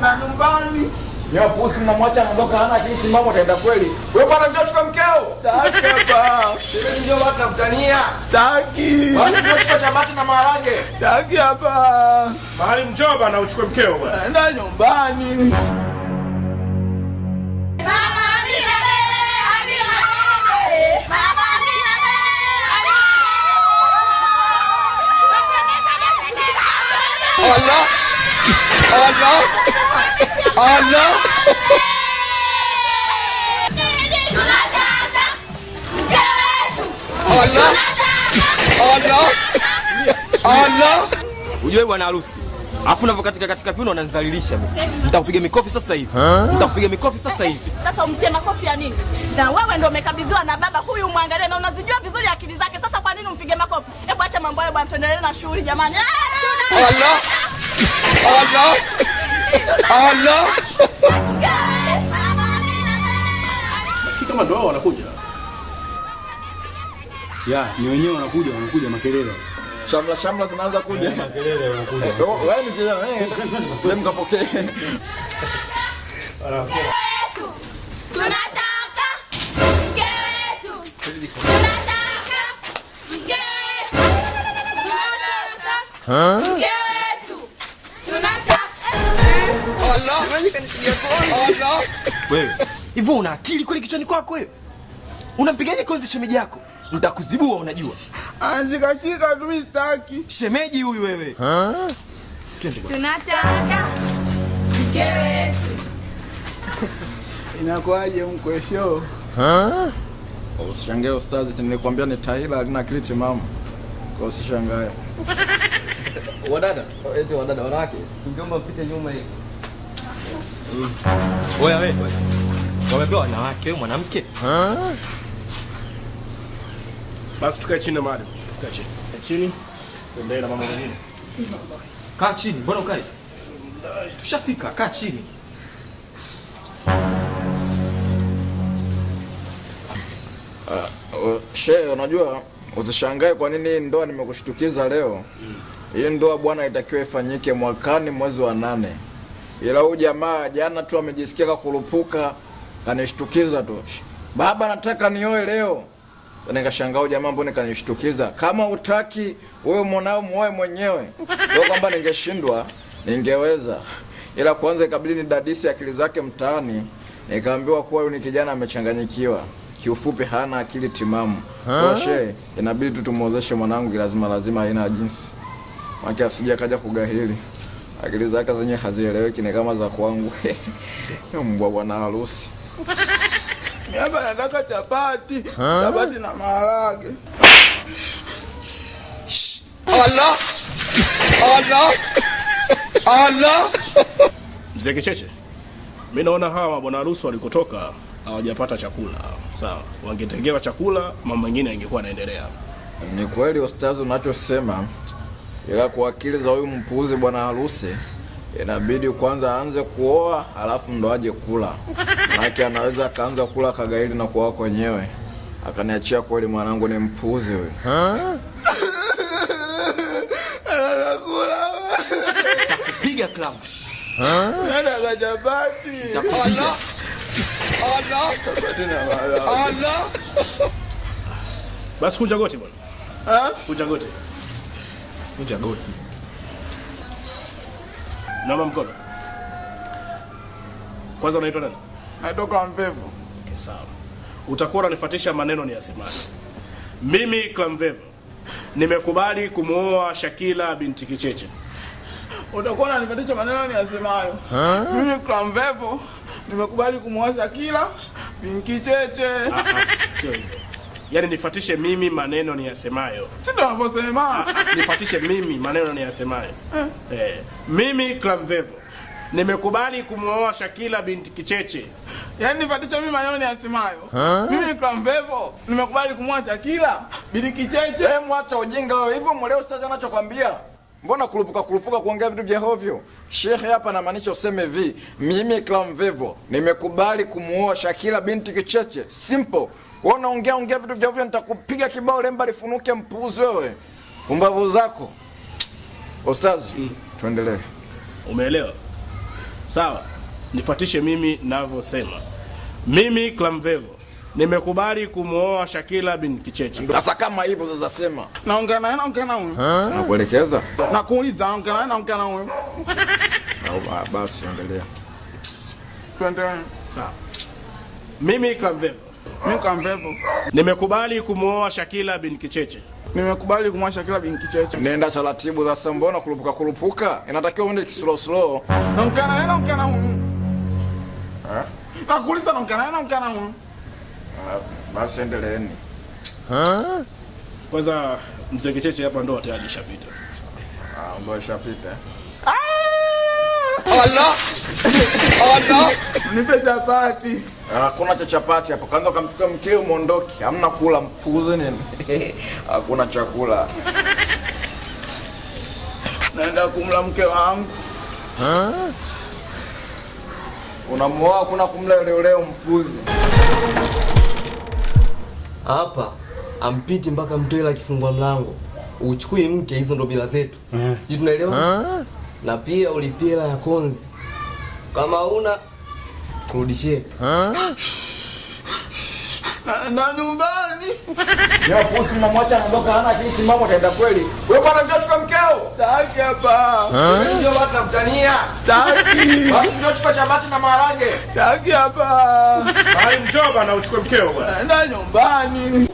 na nyumbani Yo pusi mnamwacha anaondoka hana akili timamu ataenda kweli. Wewe bwana njoo chukua mkeo. Sitaki ba. Sisi njoo watu mtania. Sitaki. Basi njoo chukua chapati na maharage. Sitaki hapa. Mahali njoo bwana uchukue mkeo bwana. Naenda nyumbani. Allah. Oh non Oh non Ujue bwana harusi. Alafu unavokatika katika viuno unanizalilisha mimi. Nitakupiga mikofi sasa hivi. Nitakupiga mikofi sasa hivi. Sasa umtie makofi ya nini? Na wewe ndio umekabidhiwa na baba huyu mwangalie na unazijua vizuri akili zake. Sasa kwa nini umpige makofi? Hebu acha mambo hayo bwana tuendelee na shughuli jamani. Allah. Oh no! Oh ndio wanakuja. Ya, ni wenyewe wanakuja, wanakuja makelele. Shamla shamla zinaanza kuja. Makelele wanakuja. Eh, oh, wewe ni wewe. Tunataka Tunataka Tunataka. hivo una akili kweli kichwani kwako wewe? Unampigaje kozi shemeji yako? ntakuzibua unajua. Anashikashika tu mistaki. Shemeji huyu wewe. Tunataka mke wetu. Inakuaje mkwesho Usishangae ustazi, nilikwambia ni tahila alina akili timamu. Kwa usishangae. Wadada, wadada wanawake, mjomba mpite nyuma hivi. Mm. Wewe wewe. Wamepewa wanawake, wewe mwanamke? Basi tukae chini madam. Tukae chini. Tukae chini. Tuendelee na mambo mengine. Kaa chini, mbona ukae? Tushafika, kaa chini. Uh, she, unajua usishangae kwa nini ndoa nimekushtukiza leo. Mm. Hii ndoa bwana itakiwa ifanyike mwakani mwezi wa nane ila huyu jamaa jana tu amejisikia kurupuka, kanishtukiza tu, baba, nataka nioe leo. Nikashangaa huyu jamaa mbona kanishtukiza, kama utaki wewe mwanao muoe mwenyewe. Ndio kwamba ningeshindwa, ningeweza, ila kwanza ikabidi ni dadisi akili zake mtaani. Nikaambiwa kuwa huyu ni kijana amechanganyikiwa, kiufupi hana akili timamu. She, inabidi tu tumwozeshe mwanangu, lazima lazima, haina jinsi, maki asije kaja kugahili akili zake zenye hazieleweki ni kama za kwangu mbwa bwana harusi hapa nataka chapati chapati na maharage Allah Allah Allah mzee Kicheche mi naona hawa bwana harusi walikotoka hawajapata chakula sawa wangetengewa chakula mama mwingine angekuwa anaendelea. ni kweli ustazi unachosema ila kwa akili za huyu mpuuzi bwana harusi inabidi kwanza aanze kuoa alafu ndo aje kula, manake anaweza akaanza kula kagaili na kuoa kwenyewe akaniachia. Kweli mwanangu ni mpuuzi huyu. basi, kunja goti bwana, kunja goti. Kunja goti. Naomba mkono. Kwanza unaitwa nani? Naitwa Mvevu. Okay, sawa. Utakuwa unanifuatisha maneno ni yasemani. Mimi Klamvevu nimekubali kumuoa Shakila binti Kicheche. Utakuwa unanifuatisha maneno ni yasemayo. Mimi Klamvevu nimekubali kumuoa Shakila binti Kicheche. Sio hivyo yani nifatishe mimi maneno niyasemayo. Ndio unaposema. Ah, nifatishe mimi maneno niyasemayo. Eh. Eh. Mimi klamvevo nimekubali kumwoa Shakila binti Kicheche. yani nifatishe mimi maneno ni yasemayo Mimi klamvevo nimekubali kumwoa Shakila binti Kicheche. Hebu eh, hey, acha ujinga wewe. Hivyo mweleo sasa anachokwambia. Mbona kulupuka kulupuka kuongea vitu vya hovyo? Shekhe hapa na maanisha useme hivi, mimi Clamvevo nimekubali kumuoa Shakila binti Kicheche. Simple. Wewe unaongea ongea vitu vya ovyo, nitakupiga kibao lemba lifunuke, mpuuzi wewe. umbavu zako. Ostazi, mm. Tuendelee. Umeelewa? Sawa. Nifuatishe mimi ninavyosema. Mimi Klamvevo nimekubali kumwoa Shakila bin Kicheche. Sasa kama hivyo sasa sema. Naongea naye naongea na huyu. Nakuelekeza. Nakuuliza naongea naye naongea na huyu. Ah, basi endelea. Tuendelee. Sawa. Mimi Klamvevo mimi Nimekubali kumwoa Shakila bin Kicheche. Nimekubali kumwoa Shakila bin Kicheche. Nenda taratibu za mbona kulupuka kulupuka. Inatakiwa uende slow slow. Basi endeleeni. Ha? Kwanza mzee Kicheche hapa ndo tayari shapita. Ah, ndo shapita. Allah. Allah. Nipe chapati. Ah, hakuna cha chapati hapo. Kwanza kamchukua mkeo muondoke. Hamna kula mfuzi nini? Hakuna chakula. Naenda kumla mke wangu. Ha? Unamuoa kuna kumla leo leo mfuzi. Hapa ampiti mpaka la akifungua mlango. Uchukue mke, hizo ndo bila zetu. Eh. Sijui tunaelewa? na pia ulipie hela ya konzi, kama una kurudishie na nyumbani ya pusi mnamwacha anaondoka, hana akili timamu, ataenda kweli? Wewe bwana, njoo chukua mkeo. Sitaki hapa. Ndio watu namtania. staki Basi njoo chukua chapati na maharage. Sitaki hapa. Bali njoo bwana, uchukue mkeo bwana. Na nyumbani.